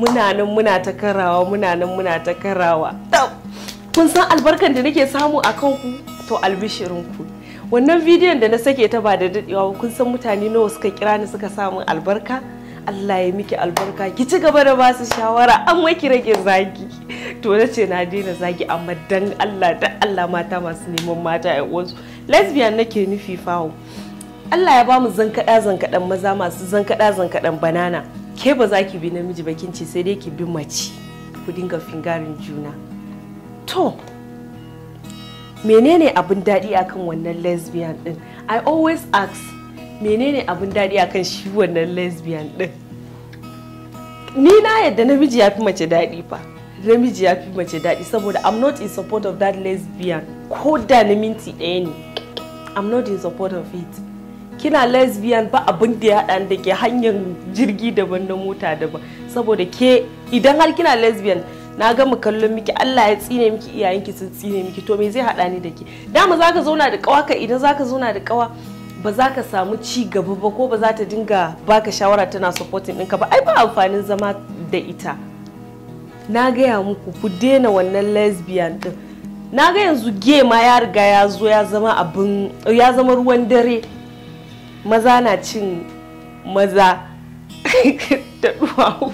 muna nan muna ta karawa muna nan muna ta karawa kun san albarkan da nake samu a kan ku to albishirin ku wannan bidiyon da na sake ta ba da dadewa kun san mutane nawa suka kira ni suka samu albarka Allah ya miki albarka ki ci gaba da basu shawara an ki rage zagi to na ce na daina zagi amma dan Allah da Allah mata masu neman mata ya uwansu lesbian nake nufi fawo Allah ya bamu zankaɗa zankaɗan maza masu zankaɗa zankaɗan banana ke ba za ki bi namiji ba kin ce sai dai ki bi mace ku dinga fingarin juna to menene abin daɗi akan wannan lesbian din i always ask menene abin daɗi akan shi wannan lesbian din ni na yadda namiji ya fi mace daɗi fa namiji ya fi mace daɗi saboda i'm not in support of that lesbian ko da na minti ɗaya ne i'm not in support of it kina lesbian ba abin da ya haɗa da ke hanyar jirgi daban na mota daban saboda ke idan har kina lesbian na gama kallon miki Allah ya tsine miki iyayenki sun tsine miki to me zai haɗa ni da ke dama zaka zauna da kawa ka idan zaka zauna da kawa ba za ka samu ci gaba ba ko ba za ta dinga baka shawara tana supporting ɗinka ba ai ba amfanin zama da ita na gaya muku ku daina wannan lesbian din na ga yanzu gay ma ya riga ya zo ya zama abin ya zama ruwan dare maza na cin maza da duwawu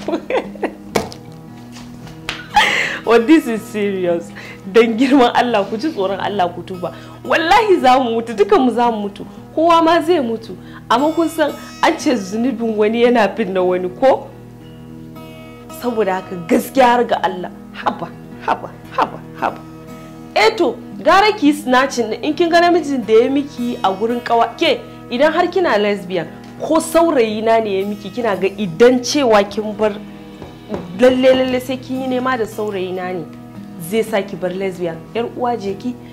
well this is serious don girman Allah ku ji tsoron Allah ku tuba wallahi za mu mutu dukan mu za mu mutu kowa ma zai mutu amma kun san an ce zunubin wani yana fin na wani ko saboda haka gaskiya ga Allah haba haba haba haba eto eh gara ki snatching in kin ga namijin da ya miki a gurin kawa ke idan har kina lesbian ko saurayi na ne ya miki kina ga idan cewa kin bar lalle lalle sai kin yi nema da saurayi na ne zai sa ki bar lesbian yar uwa je ki